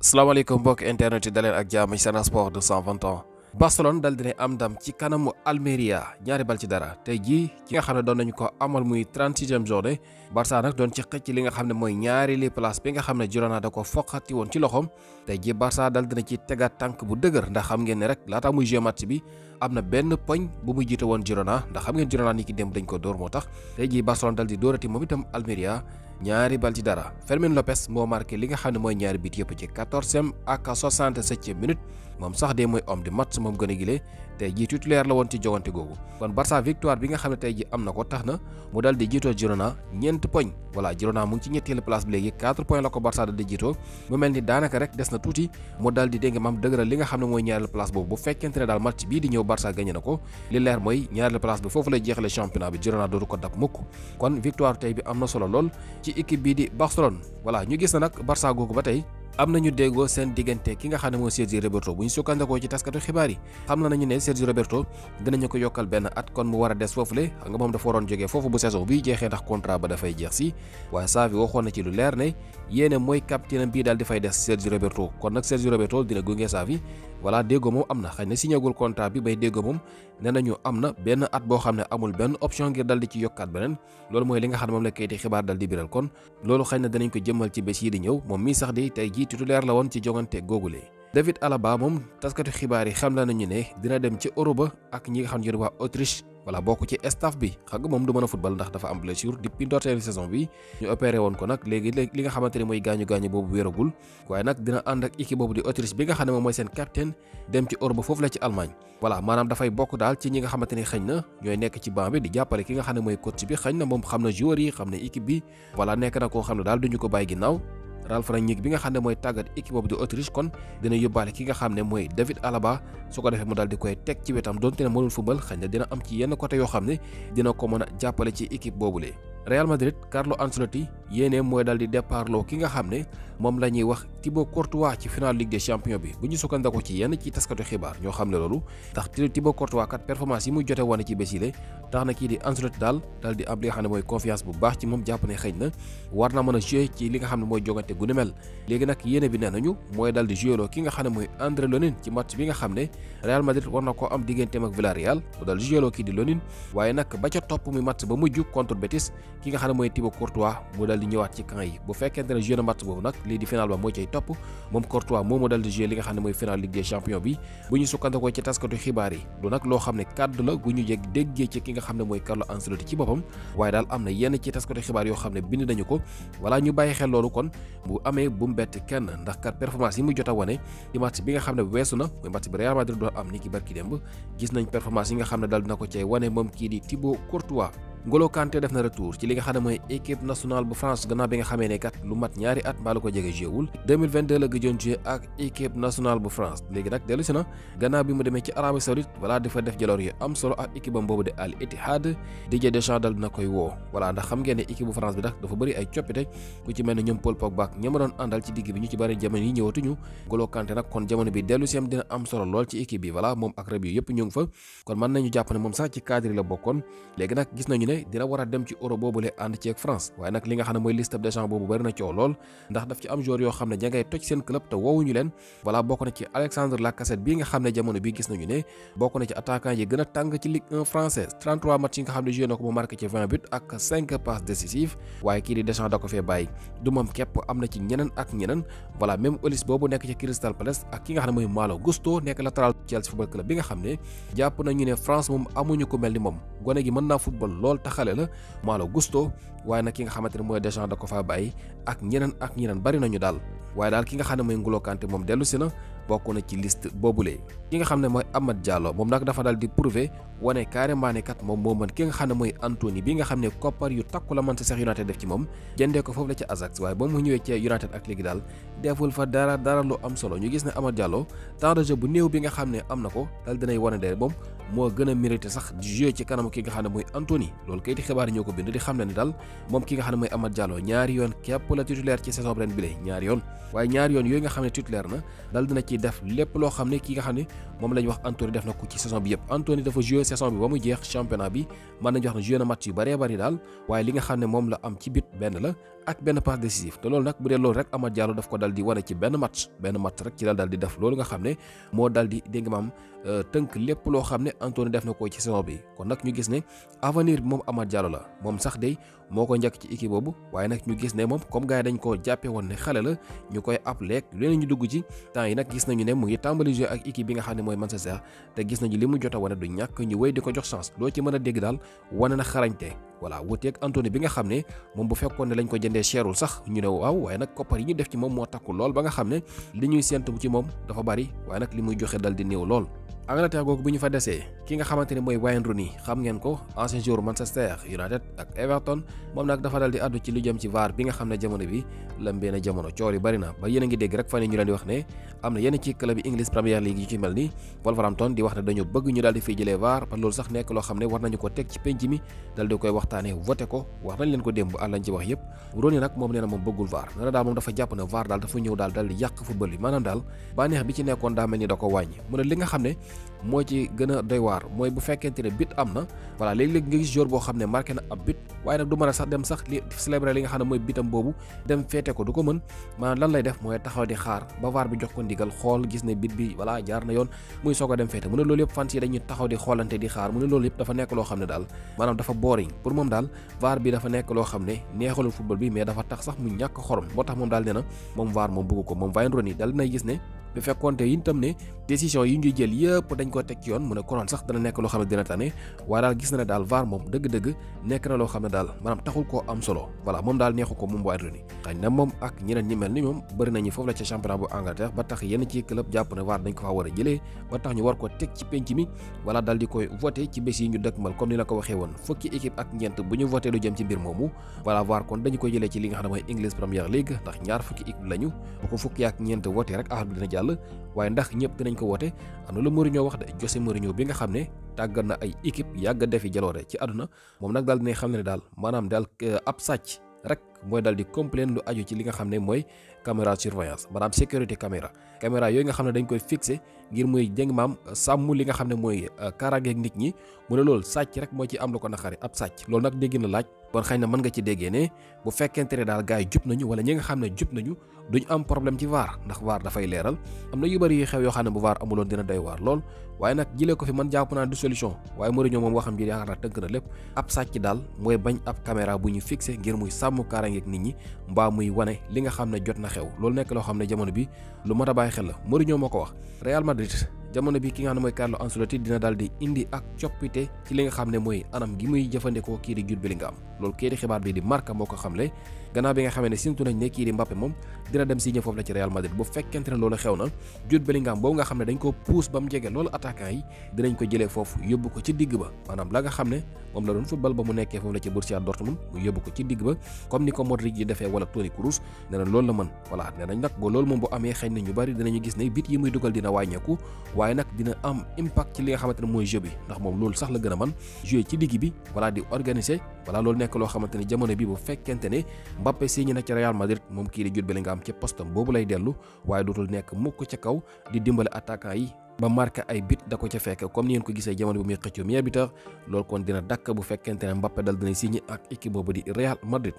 salaamaaleykum mbokk internet yi daleen ak jàmm ci Sen Sport Barcelone dal dina am ndam ci kanamu Almeria ñaari bal ci dara tey jii ki nga xam ne doon nañu ko amal muy 36e journée Barça nag doon ci xëcc li nga xam ne mooy ñaari li place bi nga xam ne Girona da ko foqati woon ci loxoom tey ji Barça dal dina ci tegaat tànk bu dëgër ndax xam ngeen ne rek laataa muy jouer match bi am na benn poñ bu muy jiite woon Girona ndax xam ngeen Girona ni ki démb dañ ko dóor moo tax tey jii Barcelone dal di dóorati moom itam Almeria ñaari bal ci dara Fermin Lopez moo marqué li nga xam ne mooy ñaari bit yëpp ci quatorzième ak soixante-septième minute moom sax de mooy homme du match moom gën a gile tey jii titulaire la woon ci jogante googu kon Barça victoire bi nga xam ne tey jii am na ko tax na mu dal di jiitoo Girona ñeent poñ voilà Girona mu ngi ci ñetteelu place bi léegi quatre points la ko Barça dal di jiitoo mu mel ni daanaka rek des na tuuti mu dal di dégg maam dëgëral li nga xam ne mooy ñaareelu place boobu bu fekkente ne daal match bii di ñëw Barça gagné na ko ci équipe bii di Barcelone voilà ñu gis na nag Barça googu ba tey amna ñu déggo seen digënté ki nga xamné mo Sergi Roberto bu ñu sukkandakoo ci taskatu xibaari xamna nañu né Sergi Roberto ñu ko yokal ben at kon mu wara dess fofu lé nga mom dafa waron joggé fofu bu saison bi jéxé ndax contrat ba fay jéx ci wa Savi waxon na ci lu leer né yéene moy capitaine bi dal di fay dess Sergi Roberto kon nak Sergi Roberto dina gungé Savi wala déggo mom amna na xëy signagul contrat bi bay déggo mom ne nañu am na at bo xamné amul ben option ngir dal di ci yokkat benen loolu moy li nga xamné mom la kayiti xibaar dal di biral kon loolu xëy na danañ ko jëmmal ci bés yi di ñëw mom mi sax di tay gi la woon ci jongante googule David Alaba moom taskatu xibaar yi xam la nañu ne dina dem ci Europe ak ñi nga xam bi xam na ñooy nekk ci banc bi di jàppale ki nga xam ne mooy coach bi xëñ na moom xam na joueur yi xam na équipe bi voilà nekk na koo xam ne daal duñu ko bàyyi ginnaaw Ralf Rangnick bi nga xam ne mooy tàggat équipe boobu di Autriche kon dina yóbbaale ki nga xam ne mooy David Alaba su ko defee mu daal di koy teg ci wetam donte ne mënul football xëy na dina am ci yenn côté yoo xam ne dina ko mën a jàppale ci équipe boobule Real Madrid Carlo Ancelotti yene moy dal di lo ki nga xamne mom lañuy wax Thibaut Courtois ci final Ligue des Champions bi buñu sukkandako ci yenn ci taskatu xibar ño xamne lolu tax Thibaut Courtois kat performance yi mu jote wane ci bésile tax na ki di Ancelotti dal dal di am li nga confiance bu baax ci mom japp ne xëy warna mëna jouer ci li nga xamne ne mooy jogante gu mel léegi nag bi nee moy di jouer lo ki nga xamne moy André Lonin ci match bi nga xamne Real Madrid warna ko am digënté mak Villarreal bu dal jouer lo ki di Lonin waaye nak ba ca top muy match ba mujju contre Betis ki nga xamne tibo Thibaut Courtois mu dal di ñëwaat ci camp yi bu fekkente ne jeu na match bobu nak li di final ba mo cey top mom Courtois momo dal di jeu li nga xam moy final Ligue des Champions bi bu ñu sukkandikoo ci taskatu xibaar yi du nak lo xam ne la bu ñu jégg déggé ci ki nga xam moy Carlo Ancelotti ci bopam waye dal am na yenn ci taskatu xibaar yo xam bind nañu ko wala ñu bayyi xel lolu kon bu amé bu mbett kenn ndax kat performance yi mu jot woné wane ci match bi nga xam wessu na moy match bi Real Madrid do am ni ki barki démb gis nañ performance yi nga xam dal dina ko cey wane mom kii di Thibaut Courtois Ngolo Kanté def na retour ci li nga xam ne mooy équipe nationale bu France gannaaw bi nga xamee ne kat lu mat ñaari at mbaa lu ko jege jéewul ak équipe nationale bu France léegi nag dellu na gannaaw bi mu demee ci Arabie Saoudite voilà dafa def jaloor yu am solo ak équipe am boobu di Al Ittihad Didier Deschamps dal dina koy woo voilà ndax xam ngeen ne bu France bi nag dafa bëri ay coppite ku ci mel ne ñoom Paul Pogba ak ña doon àndal ci digg bi ñu ci bëri ne dina war a dem ci euro boobule ànd ceeg France waaye nag li nga xam ne mooy liste des champs boobu bari na coow lool ndax daf ci am joueur yoo xam ne ña ngay toj seen ne jamono bi gis nañu ne bokk na ci attaquant yi gën a tàng ci Ligue 1 française 33 match yi nga xam ne joué na ko mu marqué ci 20 buts ak 5 passes décisives waaye kii di Deschamps da ko fee bàyyi du moom képp am na ci ñeneen ak ñeneen voilà même Olise boobu nekk ci Crystal Palace ak ki nga xam ne mooy Malo Gusto ni moom gone gi mën naa football lool te xale la Malo Gusto waaye nag ki nga xamante ne mooy Deschamps da ko fa bàyyi ak ñeneen ak ñeneen bari nañu daal waaye daal ki nga xam ne mooy N'Golo Kanté moom dellu si na bokk na ci boobu boobule. ki nga xam ne mooy amat Diallo moom nag dafa daal di prouver wane carrément ne kat moom moo mën ki nga xam ne mooy Anthony bi nga xam ne koppar yu takku la Manchester United def ci moom jëndee ko foofu la ci Ajax waaye ba mu ñëwee ci United ak léegi daal deful fa dara dara lu am solo ñu gis ne Amad Diallo temps de néew bi nga xam ne am na ko daal dinay wane de moom moo gën a mérité sax di jouer ci kanamu ki nga xam ne mooy Anthony loolu kayiti xibaar ñoo ko bind di xam ne ni daal moom ki nga xam ne mooy Amad Diallo ñaari yoon képp la titulaire ci saison bi bile ñaari yoon waaye ñaari yoon yooyu nga xam ne titulaire na dal dina ci def lépp loo xam ne ki nga xam ne moom la am ci bit benn la ak benn passe décisif te loolu nag bu dee loolu rek Amad Diallo daf ko dal di wane ci benn match benn match rek ci dal dal Anthony def na ko ci saison bi kon nag ñu gis ne avenir bi moom ama Diallo la moom sax day moo ko njëkk ci équipe boobu waaye nag ñu gis ne moom comme gars yi dañ koo jàppe woon ne xale la ñu koy ab leeg ne ñu dugg ci temps yi nag gis nañu ne mu ngi tàmbali ak équipe bi nga xam ne mooy Manchester te gis nañu li mu jot a wane du ñàkk ñu wéy di ko jox chance loo ci mën a dégg daal wane na xarañte walau wuuteeg Anthony bi nga xam mom bu fekkone lañ ko jëndé cherul sax ñu né waaw waaye nak copar yi ñu def ci mom mo takku lool ba nga li ñuy sentu ci mom dafa bari waaye nak li muy joxe dal di new lool Angleterre ñu fa déssé ki nga xamanteni moy Wayne Rooney xam ngeen ko ancien joueur Manchester United ak Everton mom nak dafa daldi di ci lu jëm ci VAR bi nga xamne ne jamono bi lëmbee na jamono coor bari na ba yéen a ngi dégg rek fane ñu leen di wax ne amna yeen ci club English Premier League yu ci melni Wolverhampton di wax ne dañu bëgg ñu daldi fi jëlé VAR ba loolu sax nek lo xamne ne war nañu ko tek ci penj mi daldi koy waxtane voté ko wax nañ leen ko démb Allah lañ ci wax yépp Rooney nak mom neena mom bëggul VAR dara da mom dafa japp ne VAR dal dafa ñëw dal daal di yàq football yi maanaam daal bànneex bi ci nekkon da melni ni da ko mu ne li nga xamne mo ci gëna doy mooy bu fekkente ne bit am na voilà léeg-léeg nga gis jour boo xam ne marqué na ab but waaye nag du mën a sax dem sax li célébrer li nga xam ne mooy bitam boobu dem feete ko du ko mën maanaam lan lay def mooy taxaw di xaar ba waar bi jox ko ndigal xool gis ne bit bi voilà jaar na yoon muy soog a dem feete mu ne loolu yëpp fans yi dañuy taxaw di xoolante di xaar mu ne loolu yëpp dafa nekk loo xam ne daal maanaam dafa boring pour moom daal waar bi dafa nekk loo xam ne neexalul football bi mais tax sax mu ñàkk xorom moo tax moom daal nee na moom moom bëgg ko moom Wayne Rooney dal nay gis ne bu fekkoonte yi itam ne décision yi ñuy jël yëpp dañ ko teg ci yoon mu ne konoon sax dana nekk loo xam ne dina tane waaye daal gis na ne daal VAR moom dëgg-dëgg nekk na loo xam ne daal maanaam taxul ko am solo voilà moom daal neexu ko moom bu Argentine xañ na moom ak ñeneen ñi mel ni moom bëri nañu foofu la ca championnat bu Angleterre ba tax yenn ci club jàpp ne VAR dañ ko faa war a jëlee ba tax ñu war ko teg ci penc mi wala daal di koy voté ci bés yi ñu dëkkmal comme ni waxee woon fukki équipe ak ñeent bu ñu voté lu jëm ci mbir moomu voilà nga xam ne mooy English Premier League ndax ñaar fukki jàll waaye ndax ñëpp dinañ ko woote anu la Mourinho wax de José Mourinho bi nga xam ne tàggat na ay équipe yàgg defi jaloore ci àdduna moom nag daal dina xam ne daal maanaam daal euh, ab sàcc rek mooy dal di complain lu aju ci li nga xam ne mooy caméra surveillance maanaam sécurité caméra caméra yooyu nga xam ne dañ koy fixé ngir muy jëng maam euh, sàmm li nga xam ne mooy euh, kaaraangeeg nit ñi mu ne sàcc rek moo ci am lu ko naqari sàcc loolu nag dégg na laaj kon xëy na mën nga ci déggee ne bu fekkente ne daal gars yi jub nañu wala ñi nga xam ne jub nañu duñ am problème ci vaar ndax vaar dafay leeral am yu bëri yu yoo xam ne bu vaar amuloon dina doy waar lool waaye nag ko fi man naa solution waaye Mourinho moom waxam ji yaakaar naa tënk na lépp ab sàcc mooy bañ ab caméra bu ñu fixe ngir muy sàmm kaaraange naataangeeg nit ñi mbaa muy wane li nga xam ne jot na xew loolu nekk loo xam ne jamono bi lu mat a bàyyi xel la Mourinho moo ko wax Real Madrid jamono bi ki nga xam ne mooy Carlo ne mooy anam gi muy jëfandikoo kii di Jude Bellingham loolu kii xibaar bi di Marca moo ko xamle gannaaw bi nga xamee ne sintu nañ ne kii di moom dina dem signé foofu la ci Real Madrid bu fekkente ne loolu xew na Jude Bellingham boobu nga xam ne dañ ko pousse ba mu jege loolu attaquant yi dinañ ko jëlee foofu yóbbu ko ci digg ba maanaam la nga xam ne moom la doon football ba mu nekkee foofu la ci Borussia Dortmund mu yóbbu ko ci digg ba comme ni ko Modric yi defee wala Toni Kroos na loolu la mën voilà nee nañ nag boo loolu moom waaye nag dina am impact ci li nga xamante ne mooy jeu bi ndax moom loolu sax la gën a mën jouer ci ligue bi wala di organiser wala loolu nekk loo xamante ne jamono bi bu fekkente ne Mbappé signé na ci Real Madrid moom kii di jut bi li nga am ci postam boobu lay dellu waaye dootul nekk mukk ca kaw di dimbale attaquant yi ba marqué ay bit da ko ca fekk comme ni ngeen ko gisee jamono bu muy xëccoo meilleur buteur loolu kon dina dakk bu fekkente ne Mbappé dal dina signé ak équipe boobu di Real Madrid